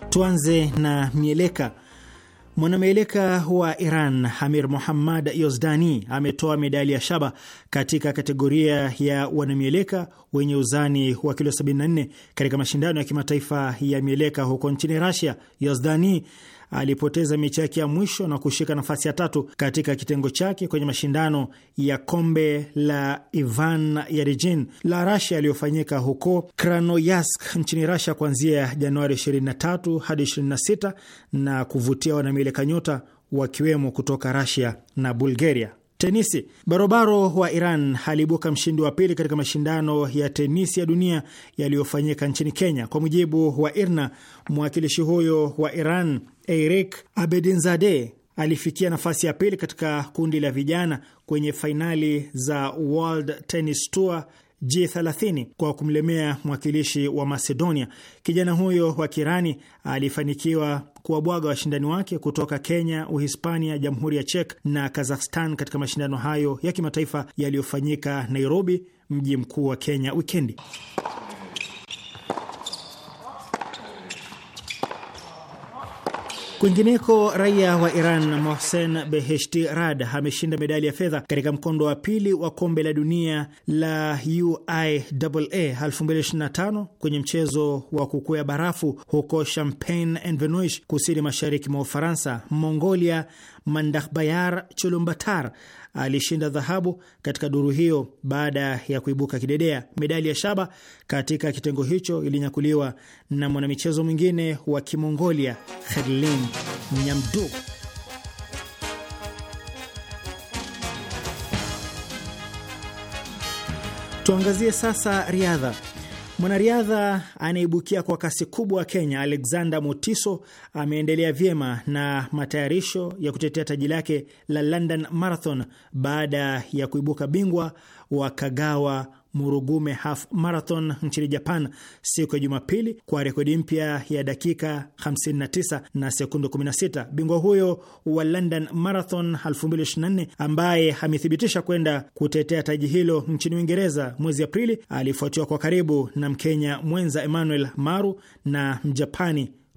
Tuanze na mieleka. Mwanameleka wa Iran Hamir Muhammad Yozdani ametoa medali ya shaba katika kategoria ya wanamieleka wenye uzani wa kilo 74 katika mashindano ya kimataifa ya mieleka huko nchini rasia Yozdani alipoteza mechi yake ya mwisho na kushika nafasi ya tatu katika kitengo chake kwenye mashindano ya kombe la Ivan Yarigin la Rasia yaliyofanyika huko Krasnoyarsk nchini Rasia kuanzia Januari 23 hadi 26 na kuvutia wanamieleka nyota wakiwemo kutoka Rasia na Bulgaria. Tenisi. Barobaro wa Iran aliibuka mshindi wa pili katika mashindano ya tenisi ya dunia yaliyofanyika nchini Kenya. Kwa mujibu wa IRNA, mwakilishi huyo wa Iran Eric Abedinzade alifikia nafasi ya pili katika kundi la vijana kwenye fainali za World Tennis Tour G30 kwa kumlemea mwakilishi wa Macedonia. Kijana huyo wa Kirani alifanikiwa kuwabwaga washindani wake kutoka Kenya, Uhispania, Jamhuri ya Czech na Kazakhstan katika mashindano hayo ya kimataifa yaliyofanyika Nairobi, mji mkuu wa Kenya, wikendi. Kwingineko, raia wa Iran Mohsen Beheshti Rad ameshinda medali ya fedha katika mkondo wa pili wa kombe la dunia la UIAA 2025 kwenye mchezo wa kukwea barafu huko Champagne en kusini mashariki mwa Ufaransa. Mongolia Mandakhbayar Cholumbatar alishinda dhahabu katika duru hiyo baada ya kuibuka kidedea. Medali ya shaba katika kitengo hicho ilinyakuliwa na mwanamichezo mwingine wa Kimongolia herlin nyamdu Tuangazie sasa riadha. Mwanariadha anayeibukia kwa kasi kubwa Kenya, Alexander Motiso ameendelea vyema na matayarisho ya kutetea taji lake la London Marathon baada ya kuibuka bingwa wa Kagawa Murugume Half Marathon nchini Japan siku ya Jumapili kwa rekodi mpya ya dakika 59 na sekunde 16. Bingwa huyo wa London Marathon 2024 ambaye amethibitisha kwenda kutetea taji hilo nchini Uingereza mwezi Aprili, alifuatiwa kwa karibu na Mkenya mwenza Emmanuel Maru na Mjapani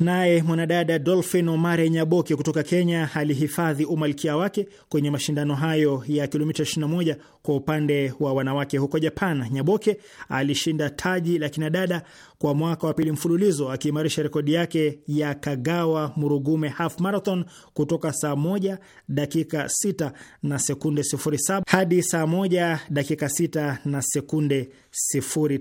Naye mwanadada Dolphin Omare Nyaboke kutoka Kenya alihifadhi umalkia wake kwenye mashindano hayo ya kilomita 21 kwa upande wa wanawake huko Japan. Nyaboke alishinda taji la kinadada kwa mwaka wa pili mfululizo akiimarisha rekodi yake ya Kagawa Murugume half marathon kutoka saa moja dakika 6 na sekunde 07 hadi saa moja dakika 6 na sekunde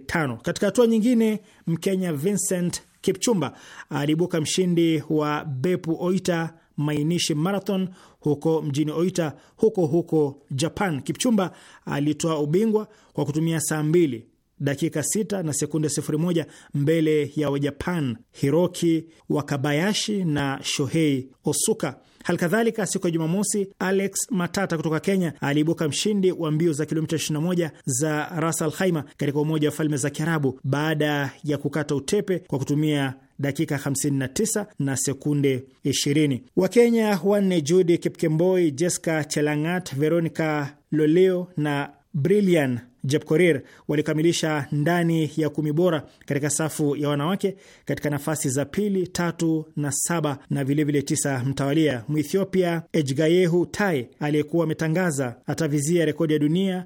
tano Katika hatua nyingine, Mkenya Vincent Kipchumba aliibuka mshindi wa bepu Oita mainishi Marathon huko mjini Oita huko huko Japan. Kipchumba alitoa ubingwa kwa kutumia saa mbili dakika 6 na sekunde moja mbele ya Wajapan Hiroki Wakabayashi na Shohei Osuka. Halikadhalika, siku ya Jumamosi, Alex Matata kutoka Kenya aliibuka mshindi wa mbio za kilomita 21 za Ras Al Khaima katika Umoja wa Falme za Kiarabu baada ya kukata utepe kwa kutumia dakika 59 na sekunde 20. Wakenya wanne Judy Kipkemboi, Jessica Chelangat, Veronica Loleo na Brilian Jepkorir walikamilisha ndani ya kumi bora katika safu ya wanawake katika nafasi za pili, tatu na saba na vilevile tisa mtawalia. Mwethiopia Ejgayehu Tai aliyekuwa ametangaza atavizia rekodi ya dunia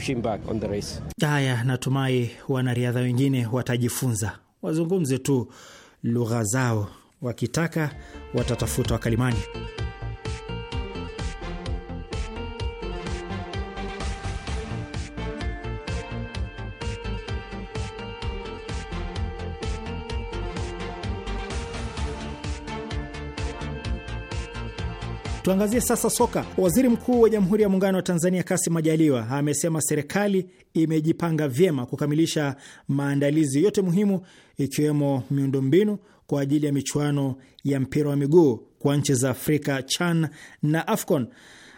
pushing back on the race. Haya, natumai wanariadha wengine watajifunza, wazungumze tu lugha zao, wakitaka watatafuta wakalimani. Tuangazie sasa soka. Waziri Mkuu wa Jamhuri ya Muungano wa Tanzania Kassim Majaliwa amesema serikali imejipanga vyema kukamilisha maandalizi yote muhimu ikiwemo miundombinu kwa ajili ya michuano ya mpira wa miguu kwa nchi za Afrika, CHAN na AFCON.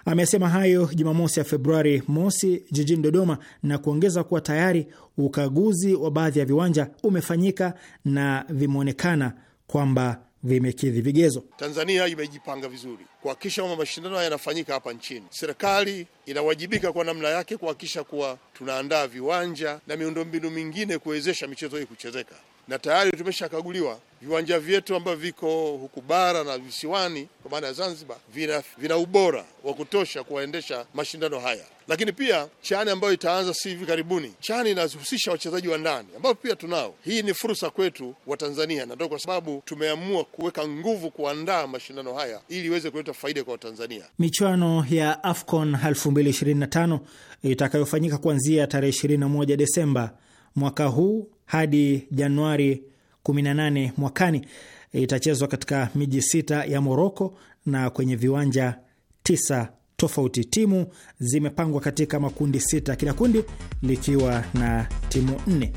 Amesema hayo Jumamosi ya Februari mosi jijini Dodoma na kuongeza kuwa tayari ukaguzi wa baadhi ya viwanja umefanyika na vimeonekana kwamba vimekidhi vigezo. Tanzania imejipanga vizuri kuhakikisha kwamba mashindano haya yanafanyika hapa nchini. Serikali inawajibika kwa namna yake kuhakikisha kuwa tunaandaa viwanja na miundombinu mingine kuwezesha michezo hii kuchezeka, na tayari tumeshakaguliwa viwanja vyetu ambavyo viko huku bara na visiwani kwa maana ya Zanzibar vina, vina ubora wa kutosha kuwaendesha mashindano haya, lakini pia chani ambayo itaanza si hivi karibuni, chani inahusisha wachezaji wa ndani ambao pia tunao. Hii ni fursa kwetu wa Tanzania, na ndio kwa sababu tumeamua kuweka nguvu kuandaa mashindano haya ili iweze kuleta faida kwa Watanzania. Michuano ya AFCON 2025 itakayofanyika kuanzia tarehe 21 Desemba mwaka huu hadi Januari 18 mwakani. Itachezwa katika miji sita ya Moroko na kwenye viwanja tisa tofauti. Timu zimepangwa katika makundi sita, kila kundi likiwa na timu nne.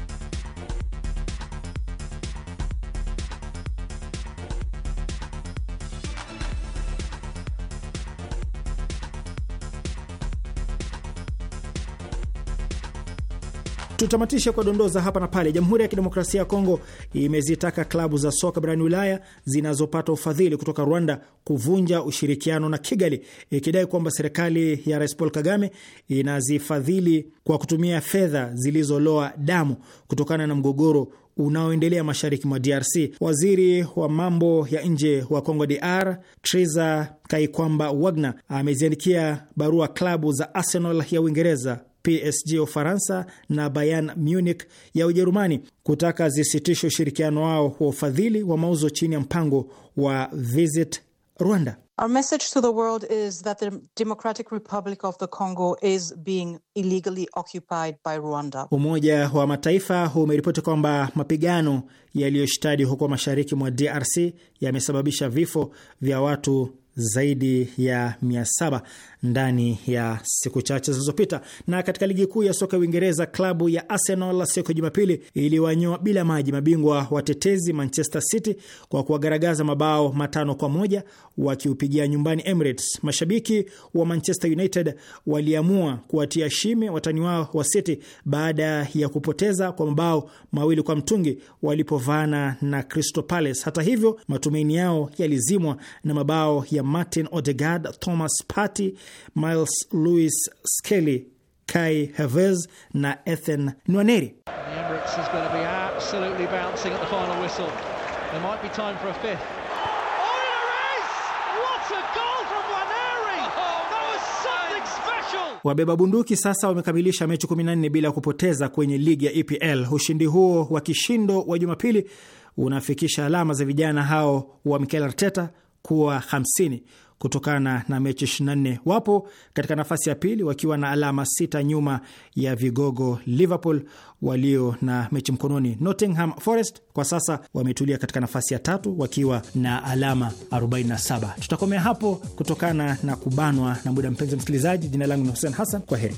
Tutamatishe kwa dondoza hapa na pale. Jamhuri ya Kidemokrasia ya Kongo imezitaka klabu za soka barani Ulaya zinazopata ufadhili kutoka Rwanda kuvunja ushirikiano na Kigali, ikidai kwamba serikali ya Rais Paul Kagame inazifadhili kwa kutumia fedha zilizoloa damu kutokana na mgogoro unaoendelea mashariki mwa DRC. Waziri wa mambo ya nje wa Congo DR Trisa Kaikwamba Wagner ameziandikia barua klabu za Arsenal ya Uingereza PSG ya Ufaransa na Bayern Munich ya Ujerumani kutaka zisitishe ushirikiano wao wa ufadhili wa mauzo chini ya mpango wa Visit Rwanda. Our message to the world is that the Democratic Republic of the Congo is being illegally occupied by Rwanda. Umoja wa Mataifa umeripoti kwamba mapigano yaliyoshtadi huko mashariki mwa DRC yamesababisha vifo vya watu zaidi ya saba ndani ya siku chache zilizopita. Na katika ligi kuu ya soka ya Uingereza, klabu ya Arsenal siku ya Jumapili iliwanyoa bila maji mabingwa watetezi Manchester City kwa kuwagaragaza mabao matano kwa moja wakiupigia nyumbani Emirates. Mashabiki wa Manchester United waliamua kuwatia shime watani wao wa City baada ya kupoteza kwa mabao mawili kwa mtungi walipovaana na Crystal Palace. Hata hivyo, matumaini yao yalizimwa na mabao ya Martin Odegaard, Thomas Partey, Miles Lewis Skelly, Kai Havertz na Ethan Nwaneri. Oh, Wabeba bunduki sasa wamekamilisha mechi 14 bila kupoteza kwenye ligi ya EPL. Ushindi huo wa kishindo wa Jumapili unafikisha alama za vijana hao wa Mikel Arteta kuwa 50 kutokana na mechi 24. Wapo katika nafasi ya pili wakiwa na alama sita nyuma ya vigogo Liverpool walio na mechi mkononi. Nottingham Forest kwa sasa wametulia katika nafasi ya tatu wakiwa na alama 47. Tutakomea hapo kutokana na kubanwa na muda. Mpenzi msikilizaji, jina langu ni Hussein Hassan, kwa heri.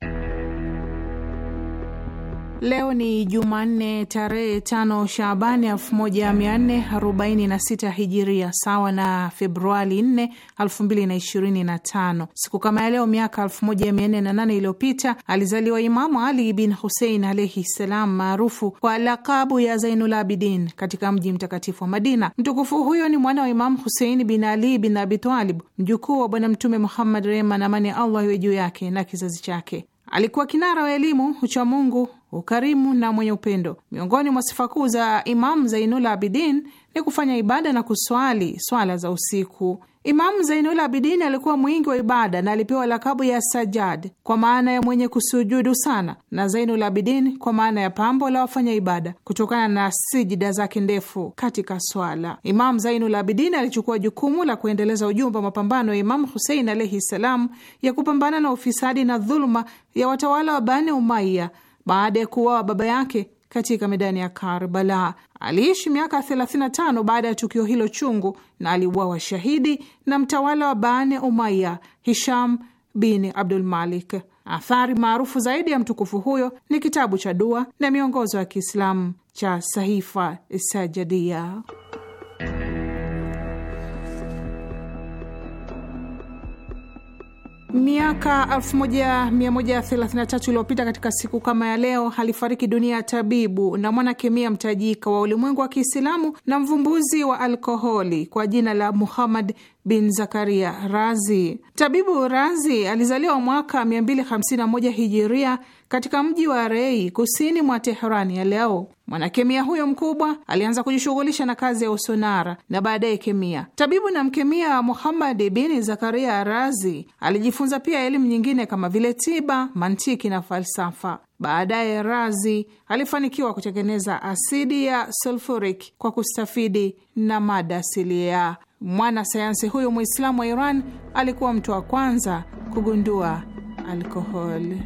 Leo ni Jumanne tarehe tano Shaabani 1446 Hijiria, sawa na Februari 4, 2025. Siku kama ya leo miaka 1408 iliyopita alizaliwa Imamu Ali bin Husein alaihi ssalam, maarufu kwa lakabu ya Zainul Abidin, katika mji mtakatifu wa Madina. Mtukufu huyo ni mwana wa Imamu Husein bin Ali bin Abitalib, mjukuu wa Bwana Mtume Muhammad, rehma na amani ya Allah iwe juu yake na kizazi chake. Alikuwa kinara wa elimu, uchamungu ukarimu na mwenye upendo. Miongoni mwa sifa kuu za Imamu Zainul Abidin ni kufanya ibada na kuswali swala za usiku. Imamu Zainul Abidin alikuwa mwingi wa ibada na alipewa lakabu ya Sajad kwa maana ya mwenye kusujudu sana, na Zainul Abidin kwa maana ya pambo la wafanya ibada kutokana na sijida zake ndefu katika swala. Imamu Zainul Abidin alichukua jukumu la kuendeleza ujumbe wa mapambano ya Imamu Husein alaihi ssalam ya kupambana na ufisadi na dhuluma ya watawala wa Bani Umaiya baada ya kuuawa baba yake katika medani ya Karbala. Aliishi miaka 35 baada ya tukio hilo chungu, na aliuawa shahidi na mtawala wa Bani Umaya, Hisham bin Abdul Malik. Athari maarufu zaidi ya mtukufu huyo ni kitabu cha dua na miongozo ya Kiislamu cha Sahifa Sajadia. Miaka 1133 iliyopita katika siku kama ya leo alifariki dunia ya tabibu na mwanakemia mtajika wa ulimwengu wa Kiislamu na mvumbuzi wa alkoholi kwa jina la Muhammad bin Zakaria Razi. Tabibu Razi alizaliwa mwaka 251 hijiria katika mji wa Rei kusini mwa Teherani ya leo. Mwanakemia huyo mkubwa alianza kujishughulisha na kazi ya usonara na baadaye kemia. Tabibu na mkemia Muhammad bin Zakaria Razi alijifunza pia elimu nyingine kama vile tiba, mantiki na falsafa. Baadaye Razi alifanikiwa kutengeneza asidi ya sulfuric kwa kustafidi na mada asilia. Mwanasayansi huyu mwislamu wa Iran alikuwa mtu wa kwanza kugundua alkoholi.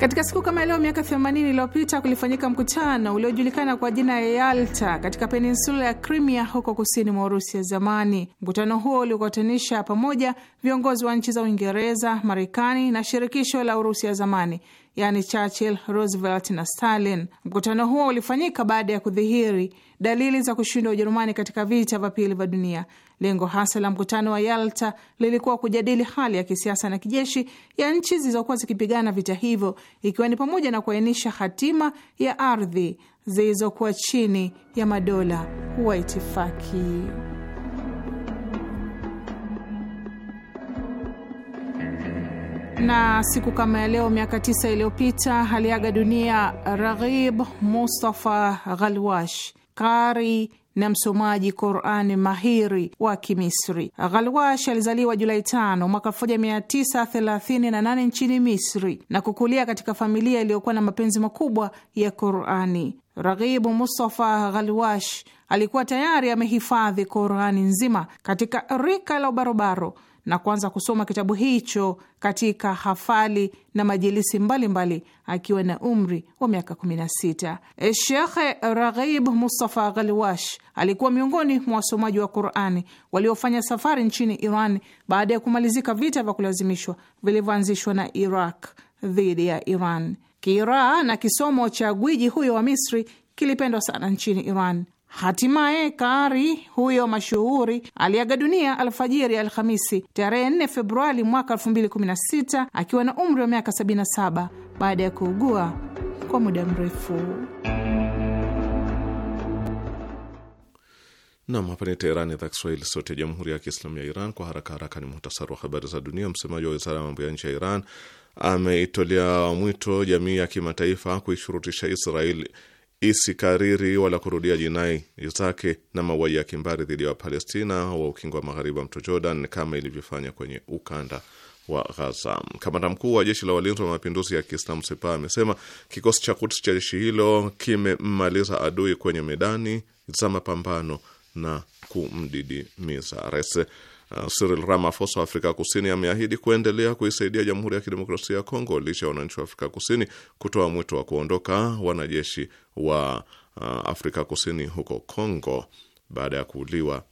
Katika siku kama leo miaka 80 iliyopita kulifanyika mkutano uliojulikana kwa jina ya Yalta katika peninsula ya Crimea huko kusini mwa Urusi ya zamani. Mkutano huo uliokutanisha pamoja viongozi wa nchi za Uingereza, Marekani na shirikisho la Urusi ya zamani, yaani Churchill, Roosevelt na Stalin. Mkutano huo ulifanyika baada ya kudhihiri dalili za kushindwa Ujerumani katika vita vya pili vya dunia. Lengo hasa la mkutano wa Yalta lilikuwa kujadili hali ya kisiasa na kijeshi ya nchi zilizokuwa zikipigana vita hivyo, ikiwa ni pamoja na kuainisha hatima ya ardhi zilizokuwa chini ya madola wa itifaki. na siku kama ya leo miaka tisa iliyopita aliaga dunia Raghib Mustafa Ghalwash, qari na msomaji Qurani mahiri wa Kimisri. Ghalwash alizaliwa Julai 5 mwaka 1938 nchini Misri na kukulia katika familia iliyokuwa na mapenzi makubwa ya Qurani. Raghibu Mustafa Ghalwash alikuwa tayari amehifadhi Qurani nzima katika rika la ubarobaro na kuanza kusoma kitabu hicho katika hafali na majilisi mbalimbali mbali, akiwa na umri wa miaka 16. E, Shekhe Raghib Mustafa Ghalwash alikuwa miongoni mwa wasomaji wa Qurani waliofanya safari nchini Iran baada ya kumalizika vita vya kulazimishwa vilivyoanzishwa na Iraq dhidi ya Iran. Kiraa na kisomo cha gwiji huyo wa Misri kilipendwa sana nchini Iran. Hatimaye Kaari huyo mashuhuri aliaga dunia alfajiri ya Alhamisi tarehe 4 Februari mwaka 2016 akiwa na umri wa miaka 77 baada ya kuugua kwa muda mrefu. Nam, hapa ni Teherani, idhaa Kiswahili sote ya Jamhuri ya Kiislamu ya Iran. Kwa haraka haraka ni muhtasari wa habari za dunia. Msemaji wa wizara ya mambo ya nje ya Iran ameitolea mwito jamii ya kimataifa kuishurutisha Israeli isikariri wala kurudia jinai zake na mauaji ya kimbari dhidi ya Wapalestina wa ukingo wa magharibi wa mto Jordan kama ilivyofanya kwenye ukanda wa ghaza Kamanda mkuu wa jeshi la walinzi wa mapinduzi ya Kiislamu sepa amesema kikosi cha Quds cha jeshi hilo kimemmaliza adui kwenye medani za mapambano na kumdidimiza. Rais Uh, Cyril Ramaphosa wa Afrika Kusini ameahidi kuendelea kuisaidia Jamhuri ya Kidemokrasia ya Kongo licha ya wananchi wa Afrika Kusini kutoa mwito wa kuondoka wanajeshi wa uh, Afrika Kusini huko Kongo baada ya kuuliwa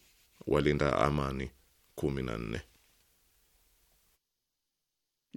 walinda amani kumi na nne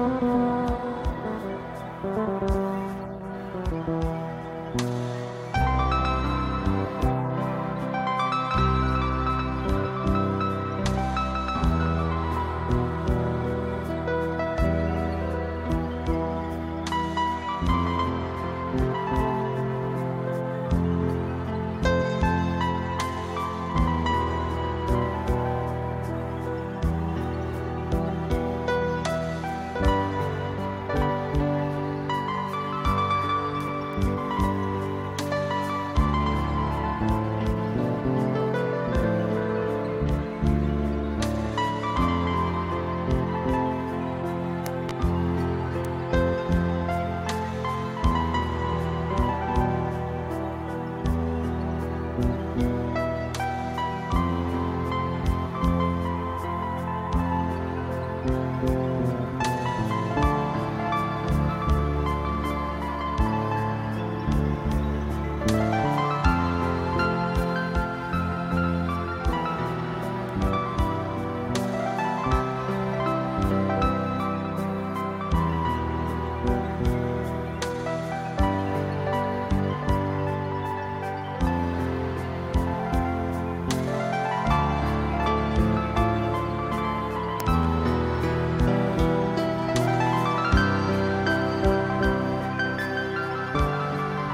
Thank you.